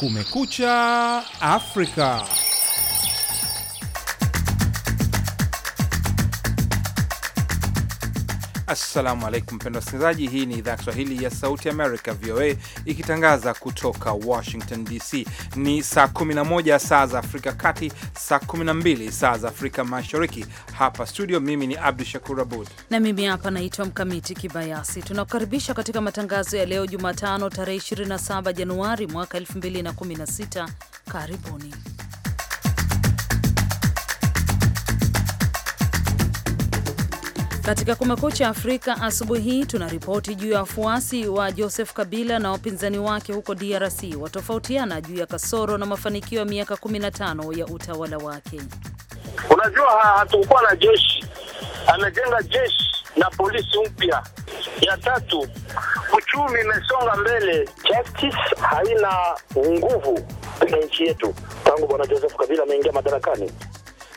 Kumekucha Afrika. Assalamu alaikum mpendo wasikilizaji, hii ni idhaa ya Kiswahili ya Sauti Amerika, VOA, ikitangaza kutoka Washington DC. Ni saa 11 saa za Afrika Kati, saa 12 saa za Afrika Mashariki. Hapa studio, mimi ni Abdu Shakur Abud na mimi hapa naitwa Mkamiti Kibayasi. Tunakukaribisha katika matangazo ya leo Jumatano, tarehe 27 Januari mwaka 2016. Karibuni. Katika Kumekucha Afrika asubuhi hii ripoti juu ya wafuasi wa Joseph Kabila na wapinzani wake huko DRC watofautiana juu ya kasoro na mafanikio ya miaka 15 ya utawala wake. Unajua, hatukuwa na jeshi, amejenga jeshi na polisi mpya. Ya tatu, uchumi imesonga mbele. Justice haina nguvu katika nchi yetu tangu bwana Joseph Kabila ameingia madarakani.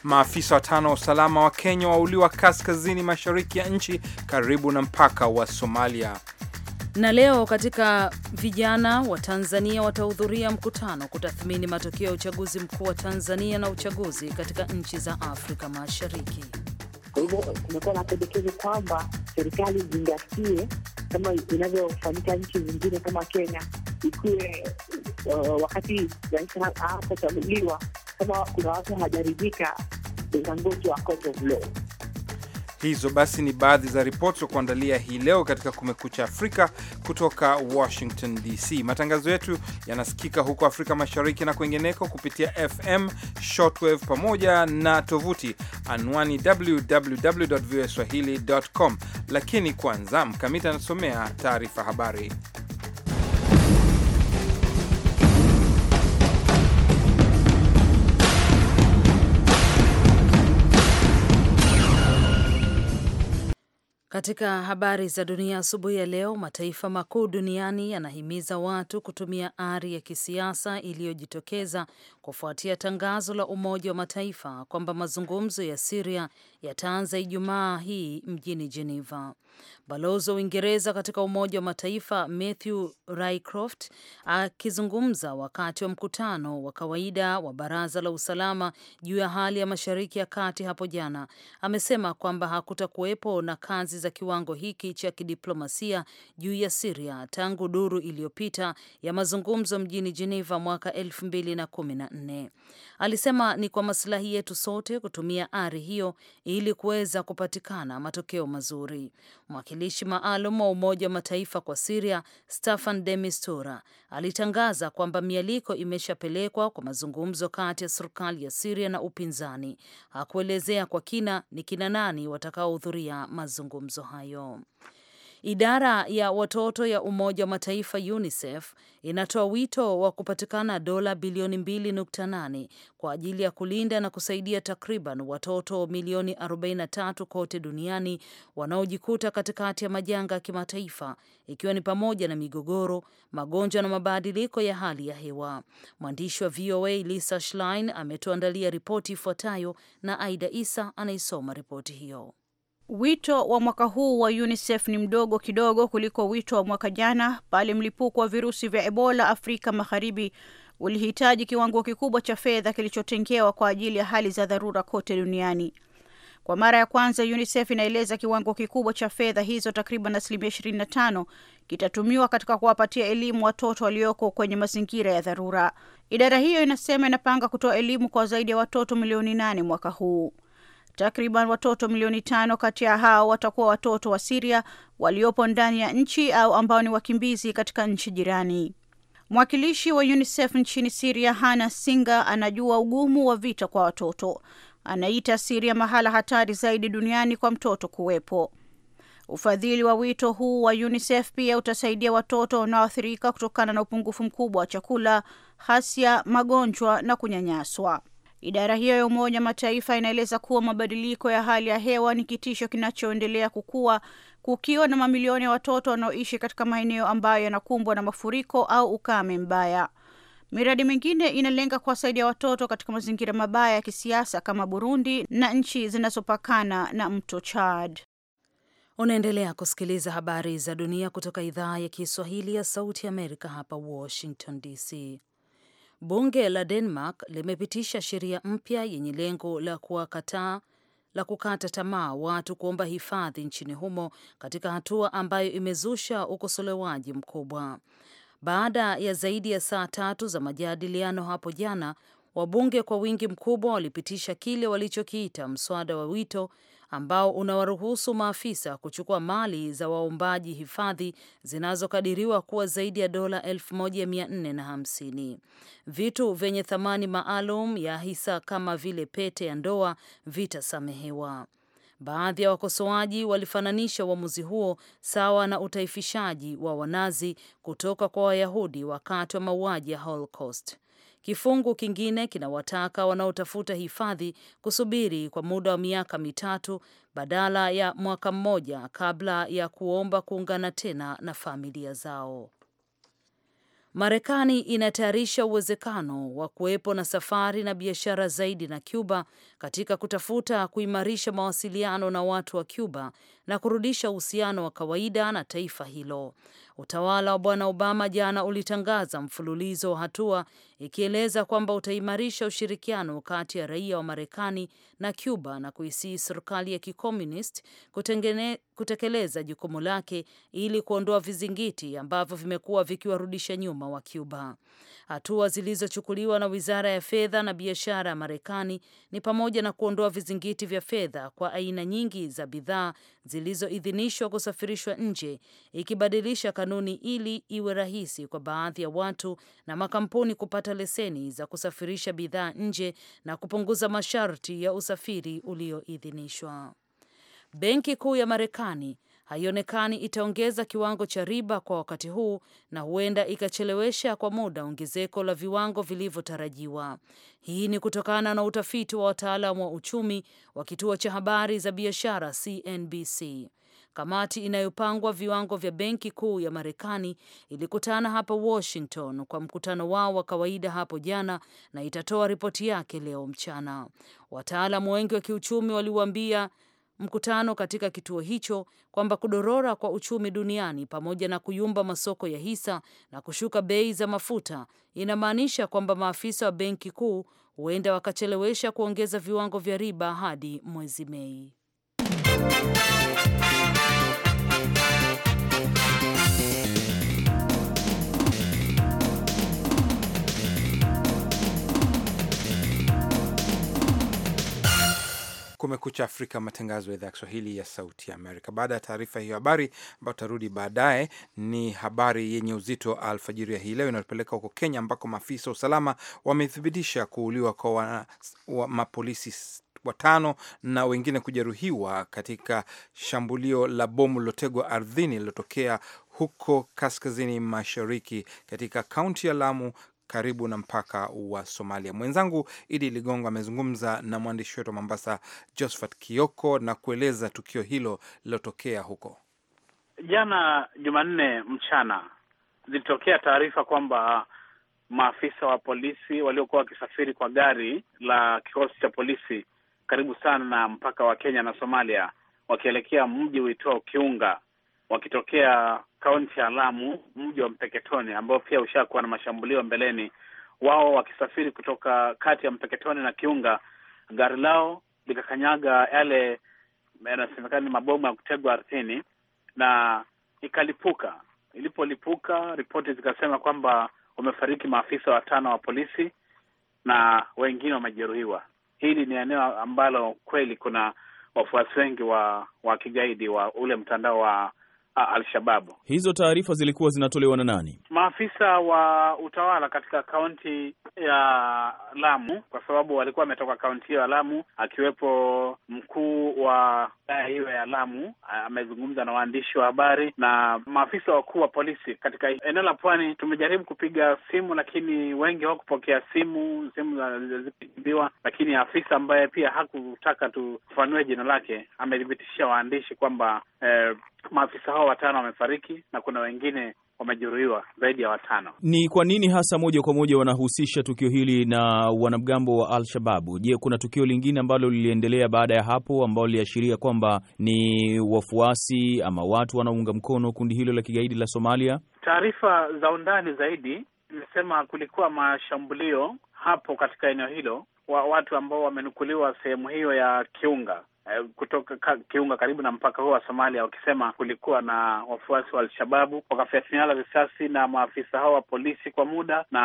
Maafisa watano wa usalama wa Kenya wauliwa kaskazini mashariki ya nchi karibu na mpaka wa Somalia. Na leo katika vijana wa Tanzania watahudhuria mkutano kutathmini matokeo ya uchaguzi mkuu wa Tanzania na uchaguzi katika nchi za Afrika Mashariki. Kwa hivyo kumekuwa na pendekezo kwamba serikali izingatie kama inavyofanyika nchi zingine kama Kenya, ikiwe uh, wakati rais anapochaguliwa kama kuna watu hawajaridhika Hizo basi ni baadhi za ripoti za kuandalia hii leo katika Kumekucha Afrika kutoka Washington DC. Matangazo yetu yanasikika huko Afrika Mashariki na kwengineko kupitia FM, shortwave pamoja na tovuti anwani www Lakini kwanza Mkamita anasomea taarifa habari. Katika habari za dunia asubuhi ya leo, mataifa makuu duniani yanahimiza watu kutumia ari ya kisiasa iliyojitokeza kufuatia tangazo la Umoja wa Mataifa kwamba mazungumzo ya Siria yataanza Ijumaa hii mjini Jeneva. Balozi wa Uingereza katika Umoja wa Mataifa Matthew Rycroft akizungumza wakati wa mkutano wa kawaida wa Baraza la Usalama juu ya hali ya Mashariki ya Kati hapo jana amesema kwamba hakutakuwepo na kazi za kiwango hiki cha kidiplomasia juu ya Siria tangu duru iliyopita ya mazungumzo mjini Geneva mwaka elfu mbili na kumi na nne. Alisema ni kwa masilahi yetu sote kutumia ari hiyo ili kuweza kupatikana matokeo mazuri. Mwakilishi maalum wa Umoja wa Mataifa kwa Siria Staffan de Mistura alitangaza kwamba mialiko imeshapelekwa kwa mazungumzo kati ya serikali ya Siria na upinzani. Hakuelezea kwa kina ni kina nani watakaohudhuria mazungumzo hayo. Idara ya watoto ya Umoja wa Mataifa UNICEF inatoa wito wa kupatikana dola bilioni 2.8 kwa ajili ya kulinda na kusaidia takriban watoto milioni 43 kote duniani wanaojikuta katikati ya majanga ya kimataifa ikiwa ni pamoja na migogoro, magonjwa na mabadiliko ya hali ya hewa. Mwandishi wa VOA Lisa Schlein ametuandalia ripoti ifuatayo na Aida Isa anaisoma ripoti hiyo. Wito wa mwaka huu wa UNICEF ni mdogo kidogo kuliko wito wa mwaka jana pale mlipuko wa virusi vya Ebola Afrika Magharibi ulihitaji kiwango kikubwa cha fedha kilichotengewa kwa ajili ya hali za dharura kote duniani. Kwa mara ya kwanza UNICEF inaeleza kiwango kikubwa cha fedha hizo, takriban asilimia 25, kitatumiwa katika kuwapatia elimu watoto walioko kwenye mazingira ya dharura. Idara hiyo inasema inapanga kutoa elimu kwa zaidi ya watoto milioni nane mwaka huu. Takriban watoto milioni tano kati ya hao watakuwa watoto wa Siria waliopo ndani ya nchi au ambao ni wakimbizi katika nchi jirani. Mwakilishi wa UNICEF nchini Siria, Hana Singa, anajua ugumu wa vita kwa watoto. Anaita Siria mahala hatari zaidi duniani kwa mtoto kuwepo. Ufadhili wa wito huu wa UNICEF pia utasaidia watoto wanaoathirika kutokana na upungufu mkubwa wa chakula, hasia, magonjwa na kunyanyaswa. Idara hiyo ya Umoja Mataifa inaeleza kuwa mabadiliko ya hali ya hewa ni kitisho kinachoendelea kukua, kukiwa na mamilioni ya watoto wanaoishi katika maeneo ambayo yanakumbwa na mafuriko au ukame mbaya. Miradi mingine inalenga kuwasaidia watoto katika mazingira mabaya ya kisiasa kama Burundi na nchi zinazopakana na mto Chad. Unaendelea kusikiliza habari za dunia kutoka idhaa ya Kiswahili ya Sauti ya Amerika hapa Washington DC. Bunge la Denmark limepitisha sheria mpya yenye lengo la kuwakataa la kukata tamaa watu kuomba hifadhi nchini humo katika hatua ambayo imezusha ukosolewaji mkubwa. Baada ya zaidi ya saa tatu za majadiliano hapo jana, wabunge kwa wingi mkubwa walipitisha kile walichokiita mswada wa wito ambao unawaruhusu maafisa kuchukua mali za waombaji hifadhi zinazokadiriwa kuwa zaidi ya dola 1450. Vitu vyenye thamani maalum ya hisa kama vile pete ya ndoa vitasamehewa. Baadhi ya wakosoaji walifananisha uamuzi huo sawa na utaifishaji wa Wanazi kutoka kwa Wayahudi wakati wa mauaji ya Holocaust. Kifungu kingine kinawataka wanaotafuta hifadhi kusubiri kwa muda wa miaka mitatu badala ya mwaka mmoja kabla ya kuomba kuungana tena na familia zao. Marekani inatayarisha uwezekano wa kuwepo na safari na biashara zaidi na Cuba katika kutafuta kuimarisha mawasiliano na watu wa Cuba na kurudisha uhusiano wa kawaida na taifa hilo. Utawala wa Bwana Obama jana ulitangaza mfululizo wa hatua ikieleza kwamba utaimarisha ushirikiano kati ya raia wa Marekani na Cuba na kuisii serikali ya kikomunist kutekeleza jukumu lake ili kuondoa vizingiti ambavyo vimekuwa vikiwarudisha nyuma wa Cuba. Hatua zilizochukuliwa na Wizara ya Fedha na Biashara ya Marekani ni pamoja na kuondoa vizingiti vya fedha kwa aina nyingi za bidhaa zilizoidhinishwa kusafirishwa nje, ikibadilisha kanuni ili iwe rahisi kwa baadhi ya watu na makampuni kupata leseni za kusafirisha bidhaa nje na kupunguza masharti ya usafiri ulioidhinishwa. Benki Kuu ya Marekani haionekani itaongeza kiwango cha riba kwa wakati huu na huenda ikachelewesha kwa muda ongezeko la viwango vilivyotarajiwa. Hii ni kutokana na utafiti wa wataalamu wa uchumi wa kituo cha habari za biashara CNBC. Kamati inayopangwa viwango vya benki kuu ya Marekani ilikutana hapa Washington kwa mkutano wao wa kawaida hapo jana na itatoa ripoti yake leo mchana. Wataalamu wengi wa kiuchumi waliuambia mkutano katika kituo hicho kwamba kudorora kwa uchumi duniani pamoja na kuyumba masoko ya hisa na kushuka bei za mafuta inamaanisha kwamba maafisa wa benki kuu huenda wakachelewesha kuongeza viwango vya riba hadi mwezi Mei. Kumekucha Afrika, matangazo ya idhaa ya Kiswahili ya Sauti ya Amerika. Baada ya taarifa hiyo habari ambayo tarudi baadaye, ni habari yenye uzito alfajiri ya hii leo inayopeleka huko Kenya, ambako maafisa wa usalama wamethibitisha kuuliwa kwa wa, wa, mapolisi watano na wengine kujeruhiwa katika shambulio la bomu lilotegwa ardhini lililotokea huko kaskazini mashariki katika kaunti ya Lamu karibu na mpaka wa Somalia. Mwenzangu Idi Ligongo amezungumza na mwandishi wetu wa Mombasa, Josephat Kioko, na kueleza tukio hilo lilotokea huko jana Jumanne mchana. Zilitokea taarifa kwamba maafisa wa polisi waliokuwa wakisafiri kwa gari la kikosi cha polisi karibu sana na mpaka wa Kenya na Somalia wakielekea mji uitwao Kiunga wakitokea kaunti ya Lamu, mji wa Mpeketoni ambao pia ushakuwa na mashambulio mbeleni. Wao wakisafiri kutoka kati ya Mpeketoni na Kiunga, gari lao likakanyaga yale yanasemekana eh, ni mabomu ya kutegwa ardhini na ikalipuka. Ilipolipuka, ripoti zikasema kwamba wamefariki maafisa watano wa polisi na wengine wamejeruhiwa. Hili ni eneo ambalo kweli kuna wafuasi wengi wa wa kigaidi wa ule mtandao wa Alshababu. Hizo taarifa zilikuwa zinatolewa na nani? Maafisa wa utawala katika kaunti ya Lamu, kwa sababu walikuwa wametoka kaunti hiyo ya Lamu, akiwepo mkuu wa wilaya hiyo ya Lamu. Amezungumza na waandishi wa habari na maafisa wakuu wa polisi katika eneo la pwani. Tumejaribu kupiga simu, lakini wengi hawakupokea simu, simu zilipigiwa, lakini afisa ambaye pia hakutaka tufanue jina lake amethibitishia waandishi kwamba eh, maafisa hao watano wamefariki na kuna wengine wamejeruhiwa zaidi ya watano. Ni kwa nini hasa moja kwa moja wanahusisha tukio hili na wanamgambo wa Al-Shababu? Je, kuna tukio lingine ambalo liliendelea baada ya hapo ambalo liliashiria kwamba ni wafuasi ama watu wanaounga mkono kundi hilo la kigaidi la Somalia? Taarifa za undani zaidi imesema kulikuwa mashambulio hapo katika eneo hilo wa watu ambao wamenukuliwa sehemu hiyo ya Kiunga eh, kutoka ka, kiunga karibu na mpaka huo wa Somalia, wakisema kulikuwa na wafuasi wa Alshababu wakafyatuliana risasi na maafisa hao wa polisi kwa muda na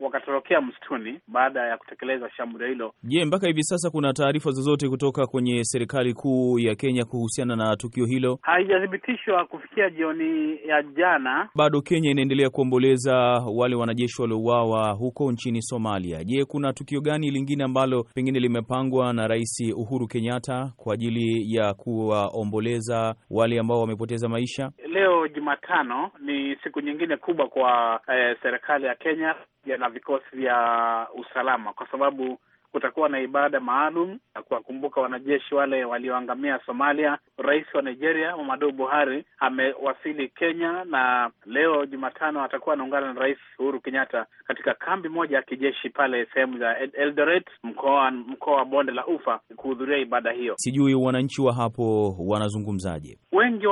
wakatorokea msituni baada ya kutekeleza shambulio hilo. Je, mpaka hivi sasa kuna taarifa zozote kutoka kwenye serikali kuu ya Kenya kuhusiana na tukio hilo? Haijathibitishwa kufikia jioni ya jana. Bado Kenya inaendelea kuomboleza wale wanajeshi waliouawa huko nchini Somalia. Je, kuna tukio gani lingine ambalo pengine limepangwa na Rais Uhuru Kenyatta kwa ajili ya kuwaomboleza wale ambao wamepoteza maisha. Leo Jumatano ni siku nyingine kubwa kwa eh, serikali ya Kenya na vikosi vya usalama kwa sababu kutakuwa na ibada maalum ya kuwakumbuka wanajeshi wale walioangamia Somalia. Rais wa Nigeria Muhammadu Buhari amewasili Kenya na leo Jumatano atakuwa anaungana na Rais Uhuru Kenyatta katika kambi moja ya kijeshi pale sehemu za Eldoret, mkoa mkoa wa bonde la Ufa, kuhudhuria ibada hiyo. Sijui wananchi wa hapo wanazungumzaje? Wengi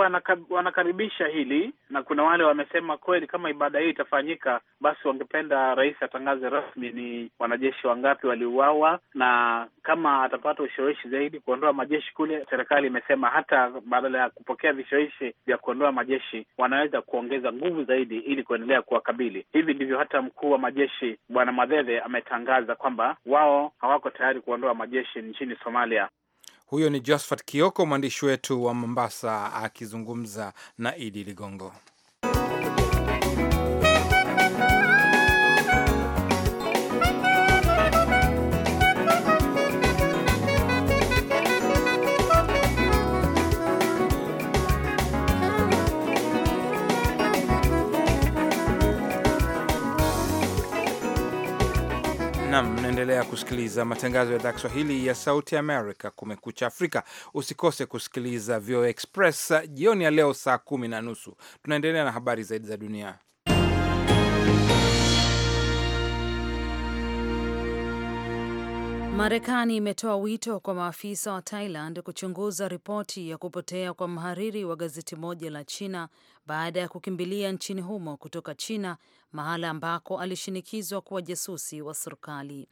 wanakaribisha hili na kuna wale wamesema kweli, kama ibada hii itafanyika, basi wangependa rais atangaze rasmi ni wanajeshi wangapi waliuawa na kama atapata ushawishi zaidi kuondoa majeshi kule, serikali imesema hata badala ya kupokea vishawishi vya kuondoa majeshi, wanaweza kuongeza nguvu zaidi ili kuendelea kuwakabili. Hivi ndivyo hata mkuu wa majeshi Bwana madhehe ametangaza kwamba wao hawako tayari kuondoa majeshi nchini Somalia. Huyo ni Josphat Kioko, mwandishi wetu wa Mombasa, akizungumza na Idi Ligongo. Nam, mnaendelea kusikiliza matangazo ya idhaa Kiswahili ya Sauti Amerika, Kumekucha Afrika. Usikose kusikiliza VOA Express jioni ya leo saa kumi na nusu. Tunaendelea na habari zaidi za dunia. Marekani imetoa wito kwa maafisa wa Thailand kuchunguza ripoti ya kupotea kwa mhariri wa gazeti moja la China baada ya kukimbilia nchini humo kutoka China, mahala ambako alishinikizwa kuwa jasusi wa serikali.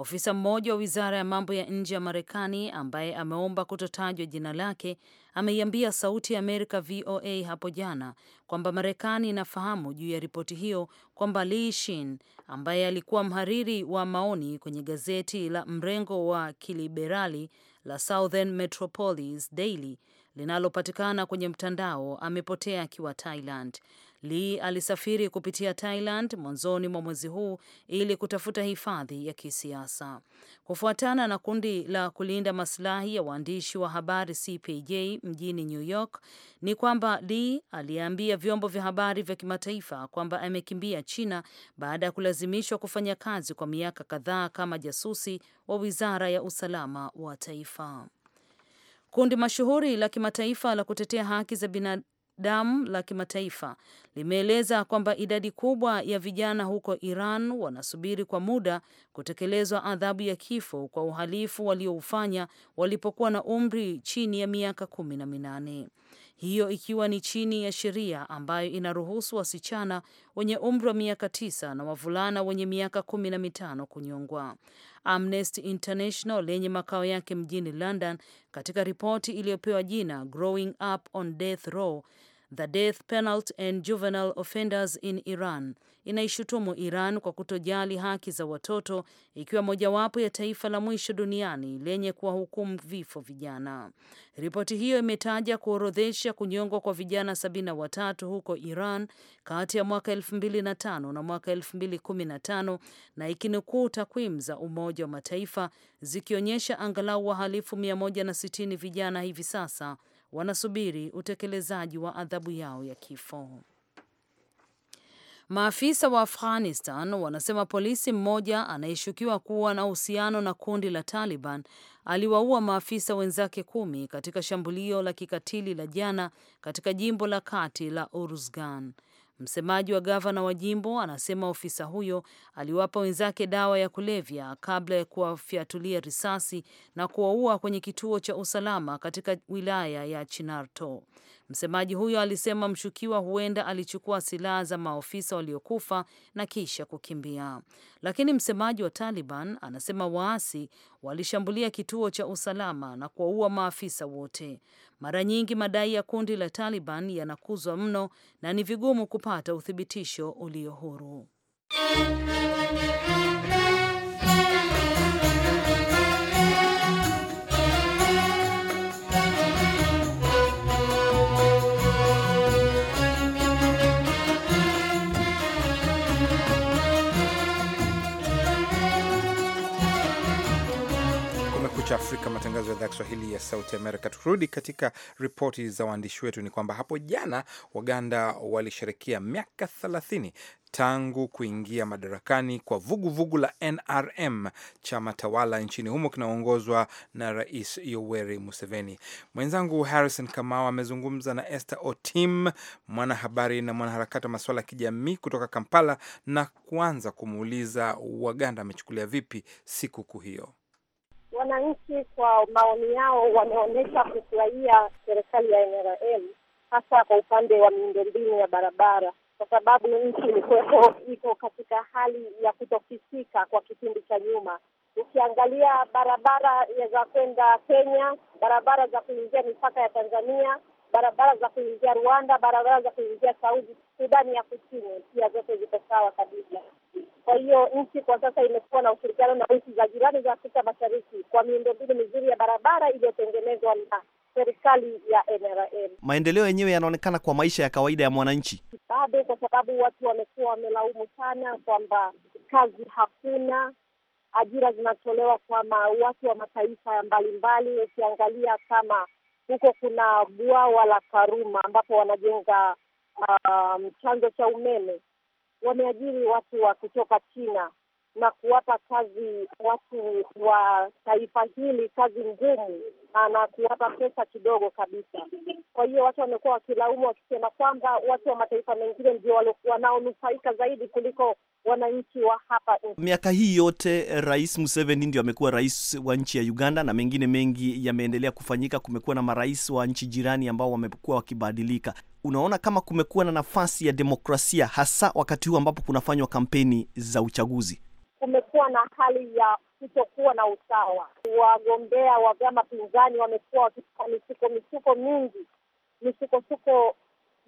Ofisa mmoja wa wizara ya mambo ya nje ya Marekani ambaye ameomba kutotajwa jina lake ameiambia Sauti ya Amerika VOA hapo jana kwamba Marekani inafahamu juu ya ripoti hiyo kwamba Li Shin ambaye alikuwa mhariri wa maoni kwenye gazeti la mrengo wa kiliberali la Southern Metropolis Daily linalopatikana kwenye mtandao amepotea akiwa Thailand. Lee alisafiri kupitia Thailand mwanzoni mwa mwezi huu ili kutafuta hifadhi ya kisiasa. Kufuatana na kundi la kulinda masilahi ya waandishi wa habari CPJ mjini New York, ni kwamba Lee aliambia vyombo vya habari vya kimataifa kwamba amekimbia China baada ya kulazimishwa kufanya kazi kwa miaka kadhaa kama jasusi wa Wizara ya Usalama wa Taifa. Kundi mashuhuri la kimataifa la kutetea haki za binadamu damu la kimataifa limeeleza kwamba idadi kubwa ya vijana huko Iran wanasubiri kwa muda kutekelezwa adhabu ya kifo kwa uhalifu walioufanya walipokuwa na umri chini ya miaka kumi na minane, hiyo ikiwa ni chini ya sheria ambayo inaruhusu wasichana wenye umri wa miaka tisa na wavulana wenye miaka kumi na mitano kunyongwa. Amnesty International lenye makao yake mjini London, katika ripoti iliyopewa jina Growing Up on Death Row the Death Penalty and Juvenile Offenders in Iran inaishutumu Iran kwa kutojali haki za watoto ikiwa mojawapo ya taifa la mwisho duniani lenye kuwahukumu vifo vijana. Ripoti hiyo imetaja kuorodhesha kunyongwa kwa vijana sabini na watatu huko Iran kati ya mwaka 2005 na mwaka 2015 na ikinukuu takwimu za Umoja wa Mataifa zikionyesha angalau wahalifu 160 vijana hivi sasa wanasubiri utekelezaji wa adhabu yao ya kifo. Maafisa wa Afghanistan wanasema polisi mmoja anayeshukiwa kuwa na uhusiano na kundi la Taliban aliwaua maafisa wenzake kumi katika shambulio la kikatili la jana katika jimbo la kati la Uruzgan. Msemaji wa gavana wa jimbo anasema ofisa huyo aliwapa wenzake dawa ya kulevya kabla ya kuwafyatulia risasi na kuwaua kwenye kituo cha usalama katika wilaya ya Chinarto. Msemaji huyo alisema mshukiwa huenda alichukua silaha za maofisa waliokufa na kisha kukimbia, lakini msemaji wa Taliban anasema waasi walishambulia kituo cha usalama na kuwaua maafisa wote. Mara nyingi madai ya kundi la Taliban yanakuzwa mno na ni vigumu kupata uthibitisho ulio huru. Kumekucha Afrika, matangazo ya idhaa ya Kiswahili ya Sauti Amerika. Tukirudi katika ripoti za waandishi wetu, ni kwamba hapo jana Waganda walisherekea miaka 30 tangu kuingia madarakani kwa vuguvugu vugu la NRM, chama tawala nchini humo kinaongozwa na Rais Yoweri Museveni. Mwenzangu Harrison Kamau amezungumza na Esther Otim, mwanahabari na mwanaharakati wa masuala ya kijamii kutoka Kampala, na kuanza kumuuliza Waganda amechukulia vipi sikukuu hiyo wananchi kwa maoni yao wameonyesha kufurahia serikali ya NRM hasa kwa upande wa miundombinu ya barabara, kwa sababu nchi ilikuwepo iko katika hali ya kutofisika kwa kipindi cha nyuma. Ukiangalia barabara za kwenda Kenya, barabara za kuingia mipaka ya Tanzania barabara za kuingia Rwanda, barabara za kuingia Saudi, Sudani ya Kusini pia zote ziko sawa kabisa. Kwa hiyo nchi kwa sasa imekuwa na ushirikiano na nchi za jirani za Afrika Mashariki kwa miundombinu mizuri ya barabara iliyotengenezwa na serikali ya NRM. Maendeleo yenyewe yanaonekana kwa maisha ya kawaida ya mwananchi bado, kwa sababu watu wamekuwa wamelaumu sana kwamba kazi hakuna, ajira zinatolewa kwa watu wa mataifa mbalimbali, ukiangalia kama huko kuna bwawa la Karuma ambapo wanajenga um, chanzo cha umeme. Wameajiri watu wa kutoka China na kuwapa kazi watu wa taifa hili kazi ngumu na kuwapa pesa kidogo kabisa. Kwa hiyo watu wamekuwa wakilaumu wakisema kwamba watu wa mataifa mengine ndio wanaonufaika zaidi kuliko wananchi wa hapa. Miaka hii yote eh, Rais Museveni ndio amekuwa rais wa nchi ya Uganda, na mengine mengi yameendelea kufanyika. Kumekuwa na marais wa nchi jirani ambao wamekuwa wakibadilika. Unaona kama kumekuwa na nafasi ya demokrasia, hasa wakati huu ambapo kunafanywa kampeni za uchaguzi. Kumekuwa na hali ya kutokuwa na usawa. Wagombea wa vyama pinzani wamekuwa wakifanya misuko misuko mingi, misukosuko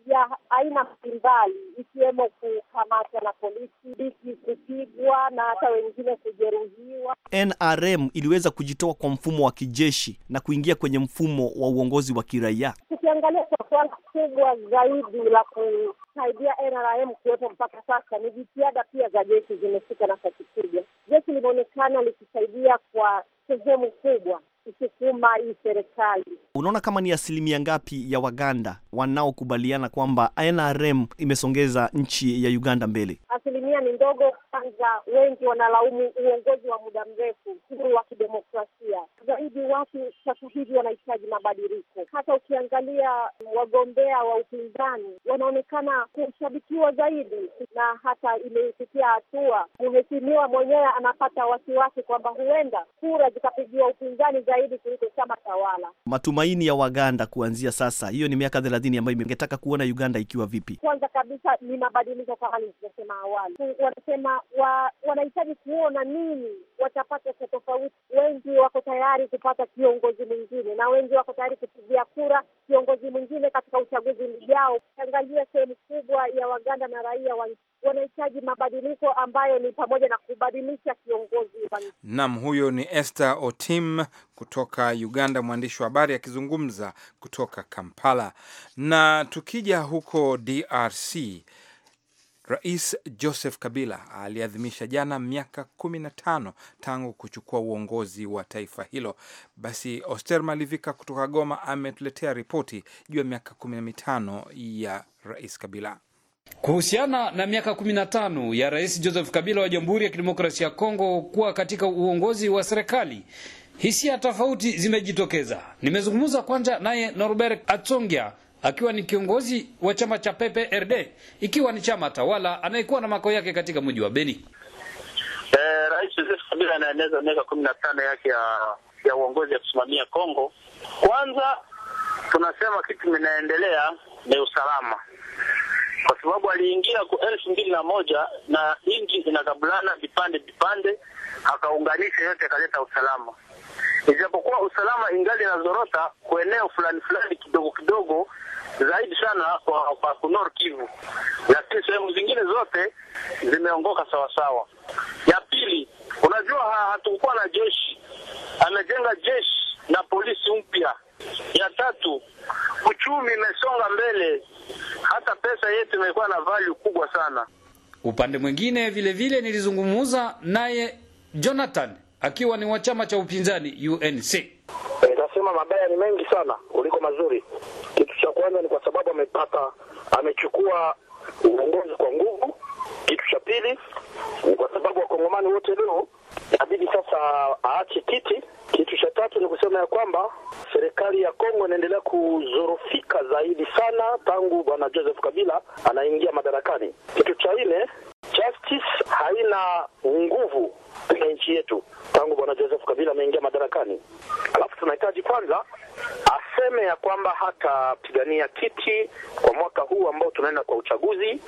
ya aina mbalimbali, ikiwemo kukamatwa na polisi, biki kupigwa na hata wengine kujeruhiwa. NRM iliweza kujitoa kwa mfumo wa kijeshi na kuingia kwenye mfumo wa uongozi wa kiraia. Tukiangalia kwa suala kubwa zaidi la kusaidia NRM kuwepo mpaka sasa ni jitihada pia za jeshi zimefika nafasi kubwa jeshi limeonekana likisaidia kwa sehemu kubwa kusukuma hii serikali. Unaona kama ni asilimia ngapi ya Waganda wanaokubaliana kwamba NRM imesongeza nchi ya Uganda mbele? Asilimia ni ndogo. Kwanza wengi wanalaumu uongozi wa muda mrefu, uhuru wa kidemokrasia zaidi watu sasa hivi wanahitaji mabadiliko. Hata ukiangalia wagombea wa upinzani wanaonekana kushabikiwa zaidi, na hata imefikia hatua mheshimiwa mwenyewe anapata wasiwasi kwamba huenda kura zikapigiwa upinzani zaidi kuliko chama tawala. Matumaini ya Waganda kuanzia sasa, hiyo ni miaka thelathini ambayo ingetaka kuona Uganda ikiwa vipi? Kwanza kabisa ni mabadiliko kwa nilivyosema awali, wanasema wanahitaji kuona nini watapata cha tofauti wengi wako tayari kupata kiongozi mwingine na wengi wako tayari kupigia kura kiongozi mwingine katika uchaguzi mjao Ukiangalia sehemu kubwa ya Waganda na raia wa wanahitaji mabadiliko ambayo ni pamoja na kubadilisha kiongozi wa nchi. Naam, huyo ni Esther Otim kutoka Uganda, mwandishi wa habari akizungumza kutoka Kampala. Na tukija huko DRC Rais Joseph Kabila aliadhimisha jana miaka kumi na tano tangu kuchukua uongozi wa taifa hilo. Basi Oster Malivika kutoka Goma ametuletea ripoti juu ya miaka kumi na mitano ya Rais Kabila. Kuhusiana na miaka kumi na tano ya Rais Joseph Kabila wa Jamhuri ya Kidemokrasia ya Kongo kuwa katika uongozi wa serikali, hisia tofauti zimejitokeza. Nimezungumza kwanza naye Norbert Atsongia akiwa ni kiongozi wa chama cha PPRD, ikiwa ni chama tawala anayekuwa na makao yake katika mji wa Beni. Eh, Rais Joseph Kabila anaeneza miaka kumi na tano yake ya ya uongozi ya kusimamia Kongo. Kwanza tunasema kitu kinaendelea ni usalama, kwa sababu aliingia ku elfu mbili na moja na nchi inagabulana vipande vipande, akaunganisha yote akaleta usalama, ijapokuwa usalama ingali inazorota kueneo eneo fulani fulani kidogo kidogo zaidi sana kwa, kwa kunor Kivu, lakini sehemu zingine zote zimeongoka sawasawa. Ya pili, unajua ha, hatukuwa na jeshi, amejenga jeshi na polisi mpya. Ya tatu, uchumi imesonga mbele, hata pesa yetu imekuwa na value kubwa sana. Upande mwingine vile vile nilizungumuza naye Jonathan akiwa ni wa chama cha upinzani UNC. E, mabaya ni mengi sana kuliko mazuri cha kwanza ni kwa sababu amepata, amechukua uongozi kwa nguvu. Kitu cha pili ni kwa sababu wakongomani wote leo inabidi sasa aache kiti. Kitu cha tatu ni kusema ya kwamba serikali ya Kongo inaendelea kuzorofika zaidi sana tangu bwana Joseph Kabila anaingia madarakani. Kitu cha nne Justice haina nguvu kwenye nchi yetu tangu bwana Joseph Kabila ameingia madarakani. Alafu tunahitaji kwanza aseme ya kwamba hatapigania kiti kwa mwaka huu ambao tunaenda kwa uchaguzi,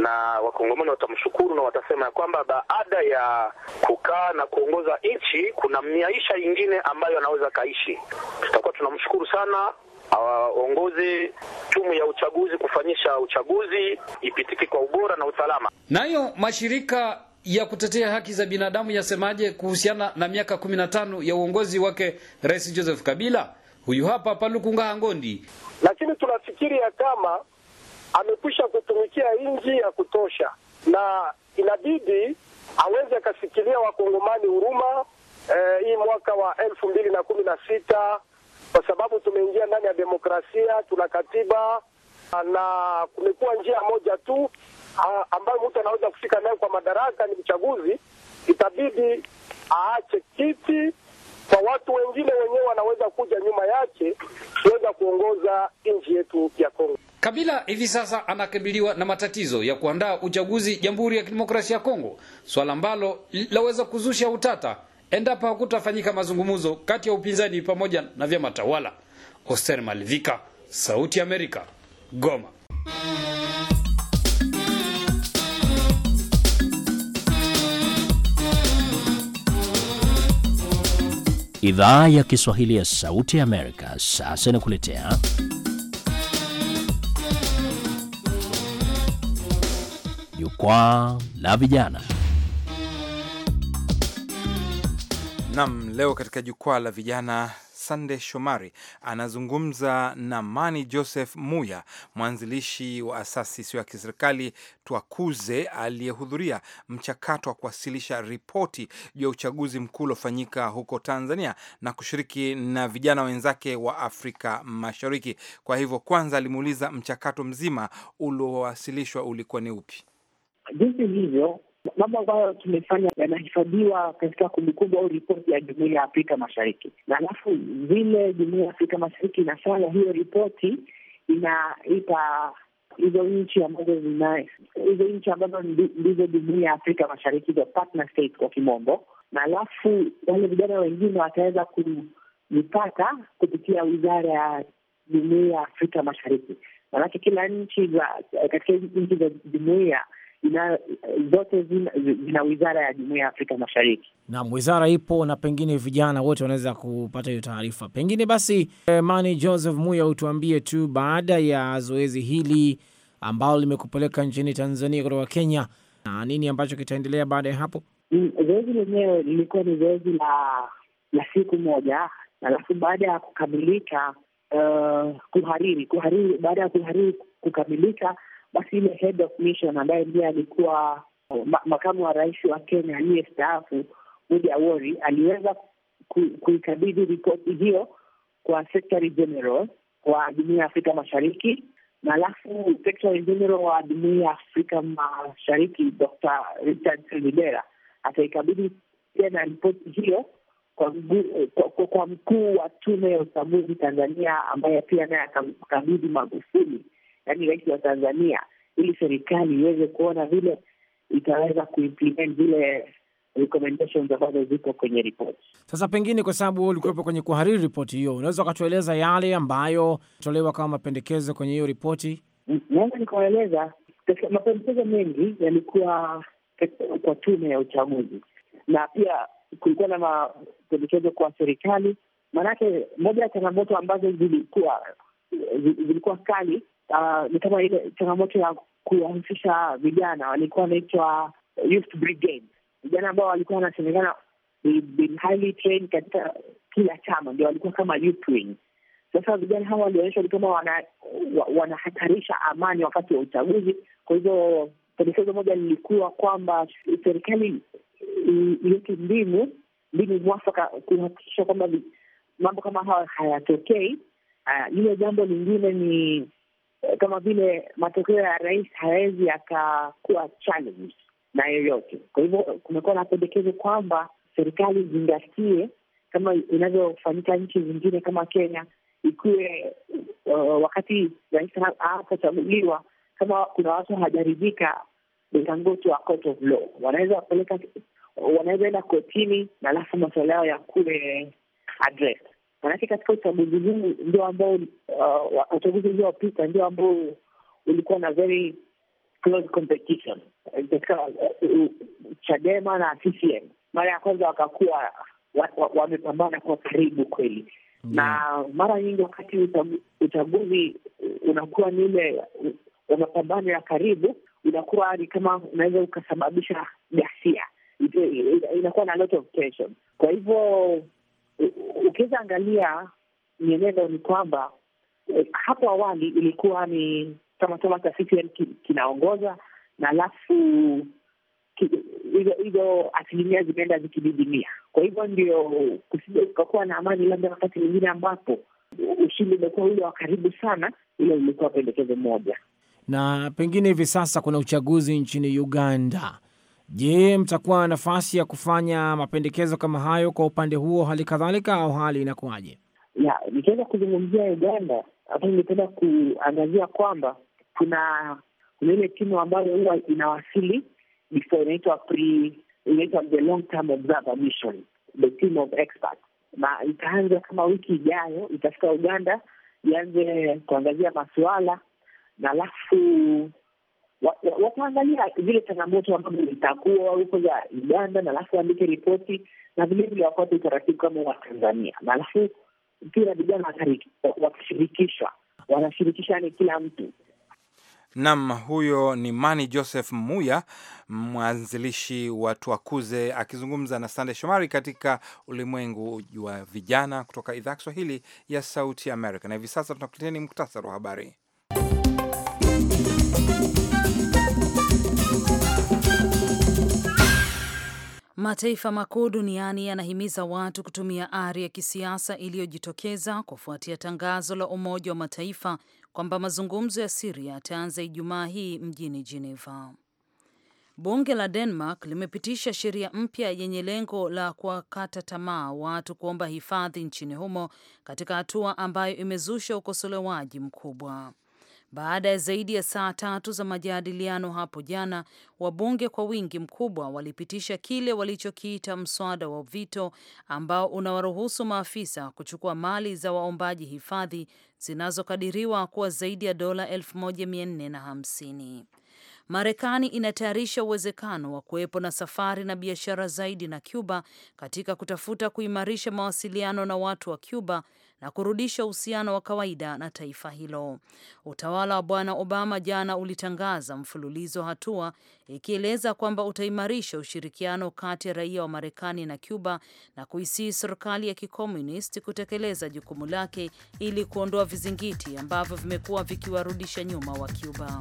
na wakongomani watamshukuru na watasema ya kwamba baada ya kukaa na kuongoza nchi kuna maisha ingine ambayo anaweza kaishi. Tutakuwa tunamshukuru sana awaongoze tumu ya uchaguzi kufanyisha uchaguzi ipitike kwa ubora na usalama. Nayo mashirika ya kutetea haki za binadamu yasemaje kuhusiana na miaka 15 ya uongozi wake Rais Joseph Kabila? Huyu hapa Paluku Ngaha Ngondi. Lakini tunafikiri kama amekwisha kutumikia inji ya kutosha, na inabidi aweze akasikilia wakongomani huruma. Eh, hii mwaka wa elfu mbili na kumi na sita kwa sababu tumeingia ndani ya demokrasia, tuna katiba na kumekuwa njia moja tu ambayo mtu anaweza kufika nayo kwa madaraka ni uchaguzi. Itabidi aache kiti kwa watu wengine, wenyewe wanaweza kuja nyuma yake kuweza kuongoza nchi yetu ya Kongo. Kabila hivi sasa anakabiliwa na matatizo ya kuandaa uchaguzi Jamhuri ya Kidemokrasia ya Kongo, swala ambalo laweza kuzusha utata endapo hakutafanyika mazungumzo kati ya upinzani pamoja na vyama tawala. hoster Malivika, Sauti ya Amerika, Goma. Idhaa ya Kiswahili ya Sauti ya Amerika sasa inakuletea jukwaa la vijana. Nam, leo katika jukwaa la vijana Sande Shomari anazungumza na Mani Joseph Muya, mwanzilishi wa asasi isiyo ya kiserikali Twakuze, aliyehudhuria mchakato wa kuwasilisha ripoti juu ya uchaguzi mkuu uliofanyika huko Tanzania na kushiriki na vijana wenzake wa Afrika Mashariki. Kwa hivyo, kwanza alimuuliza mchakato mzima uliowasilishwa ulikuwa ni upi? Jinsi hivyo mambo ambayo tumefanya yanahifadhiwa katika kumbukumbu au ripoti ya jumuia ya Afrika Mashariki, na alafu vile jumuia ya Afrika Mashariki inafanya hiyo ripoti inaipa hizo nchi ambazo zina hizo nchi ambazo ndizo jumuia ya Afrika Mashariki, the partner kwa kimombo, na alafu wale vijana wengine wataweza kujipata kupitia wizara ya jumuia ya Afrika Mashariki, manake kila nchi katika nchi za jumuiya ina zote zina, zina wizara ya jumuiya ya Afrika Mashariki. Naam, wizara ipo na pengine vijana wote wanaweza kupata hiyo taarifa. Pengine basi, eh, Mani Joseph Muya, utuambie tu baada ya zoezi hili ambalo limekupeleka nchini Tanzania kutoka Kenya, na nini ambacho kitaendelea baada ya hapo? Mm, zoezi lenyewe lilikuwa ni zoezi la la siku moja, alafu baada ya kukamilika, uh, kuhariri kuhariri, baada ya kuhariri kukamilika basi ile head of mission ambaye ndiye alikuwa makamu wa rais wa Kenya aliyestaafu Moody Awori aliweza kuikabidhi ripoti hiyo kwa Secretary General wa jumuia ya Afrika Mashariki, na alafu Secretary General wa Jumuia ya Afrika Mashariki Dr. Richard Silibera ataikabidhi tena ripoti hiyo kwa, kwa, kwa mkuu wa tume ya uchaguzi Tanzania ambaye pia naye akamkabidhi Magufuli yani rais wa Tanzania, ili serikali iweze kuona vile itaweza kuimplement zile recommendations ambazo ziko kwenye ripoti. Sasa pengine kwa sababu ulikuwepo kwenye kuhariri ripoti hiyo, unaweza ukatueleza yale ambayo tolewa kama mapendekezo kwenye hiyo ripoti? Naweza nikawaeleza. Mapendekezo mengi yalikuwa kwa tume ya uchaguzi na pia kulikuwa na mapendekezo kwa serikali. Maanake moja ya changamoto ambazo zilikuwa zilikuwa kali uh, ni kama ile changamoto ya kuwahusisha vijana, walikuwa wanaitwa uh, youth brigade, vijana ambao walikuwa wanasemekana highly trained katika kila chama, ndio walikuwa kama youth wing. Sasa vijana hawa walionyesha kama wana, wanahatarisha amani wakati wa uchaguzi. Kwa hivyo pendekezo moja lilikuwa kwamba serikali iweke mbinu mbinu mwafaka kuhakikisha kwamba mambo kama hayo hayatokei. Uh, lile jambo lingine ni Eh, kama vile matokeo ya rais hawezi yakakuwa challenge na yoyote. Kwa hivyo kumekuwa na pendekezo kwamba serikali izingatie kama inavyofanyika nchi zingine kama Kenya, ikiwe uh, eh, wakati rais anapochaguliwa kama kuna watu hawajaridhika, mtangoto wa court of law wanaweza wanaweza enda kotini na alafu masuala yao kule address Maanake katika uchaguzi huu ndio ambao uh, uchaguzi uliopita ndio ambao ulikuwa na very close competition katika uh, Chadema na CCM. Mara ya kwanza wakakuwa wamepambana kwa karibu kweli Na mara nyingi wakati uchaguzi unakuwa ni ile wa uh, mapambano ya karibu, unakuwa ni kama unaweza ukasababisha ghasia, inakuwa na lot of tension. Kwa hivyo ukiweza angalia mienendo ni kwamba eh, hapo awali ilikuwa ni chama chama cha CCM kinaongoza na alafu hizo asilimia zimeenda zikididimia. Kwa hivyo ndio kusije na amani, labda wakati mwingine ambapo ushindi umekuwa ule wa karibu sana, ilo ilikuwa pendekezo moja. Na pengine hivi sasa kuna uchaguzi nchini Uganda. Je, mtakuwa na nafasi ya kufanya mapendekezo kama hayo kwa upande huo hali kadhalika, au hali inakuwaje? nikiweza kuzungumzia Uganda, lakini ningependa kuangazia kwamba kuna ile timu ambayo huwa inawasili before, inaitwa inaitwa the long term observer mission, the team of experts, na itaanza kama wiki ijayo, itafika Uganda ianze kuangazia masuala na alafu wataangalia zile changamoto ambazo zitakuwa huko za Uganda na alafu waandike ripoti na vilevile wafuate utaratibu kama wa Tanzania na alafu pia vijana wakishirikishwa, wanashirikishani kila mtu. Nam, huyo ni Mani Joseph Muya, mwanzilishi wa Twakuze akizungumza na Sande Shomari katika ulimwengu wa vijana kutoka idhaa ya Kiswahili ya Sauti Amerika. Na hivi sasa tunakuleteni muktasari wa habari. Mataifa makuu duniani yanahimiza watu kutumia ari ya kisiasa iliyojitokeza kufuatia tangazo la Umoja wa Mataifa kwamba mazungumzo ya Siria yataanza Ijumaa hii mjini Geneva. Bunge la Denmark limepitisha sheria mpya yenye lengo la kuwakata tamaa watu kuomba hifadhi nchini humo katika hatua ambayo imezusha ukosolewaji mkubwa. Baada ya zaidi ya saa tatu za majadiliano hapo jana, wabunge kwa wingi mkubwa walipitisha kile walichokiita mswada wa vito ambao unawaruhusu maafisa kuchukua mali za waombaji hifadhi zinazokadiriwa kuwa zaidi ya dola 1450. Marekani inatayarisha uwezekano wa kuwepo na safari na biashara zaidi na Cuba katika kutafuta kuimarisha mawasiliano na watu wa Cuba na kurudisha uhusiano wa kawaida na taifa hilo. Utawala wa Bwana Obama jana ulitangaza mfululizo wa hatua ikieleza kwamba utaimarisha ushirikiano kati ya raia wa Marekani na Cuba na kuisii serikali ya kikomunisti kutekeleza jukumu lake ili kuondoa vizingiti ambavyo vimekuwa vikiwarudisha nyuma wa Cuba.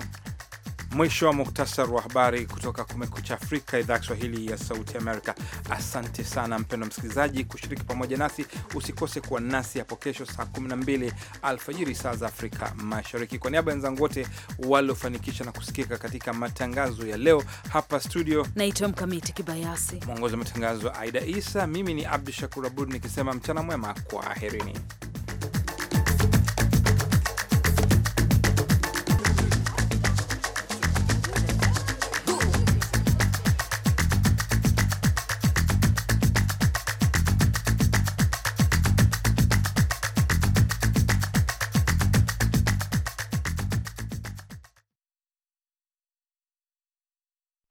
Mwisho wa muktasar wa habari kutoka Kumekucha Afrika, idhaa ya Kiswahili ya Sauti Amerika. Asante sana mpendo msikilizaji kushiriki pamoja nasi. Usikose kuwa nasi hapo kesho saa 12 alfajiri saa za Afrika Mashariki. Kwa niaba ya wenzangu wote waliofanikisha na kusikika katika matangazo ya leo hapa studio, naitwa Mkamiti Kibayasi, mwongozi wa matangazo Aida Isa, mimi ni Abdu Shakur Abud nikisema mchana mwema, kwa aherini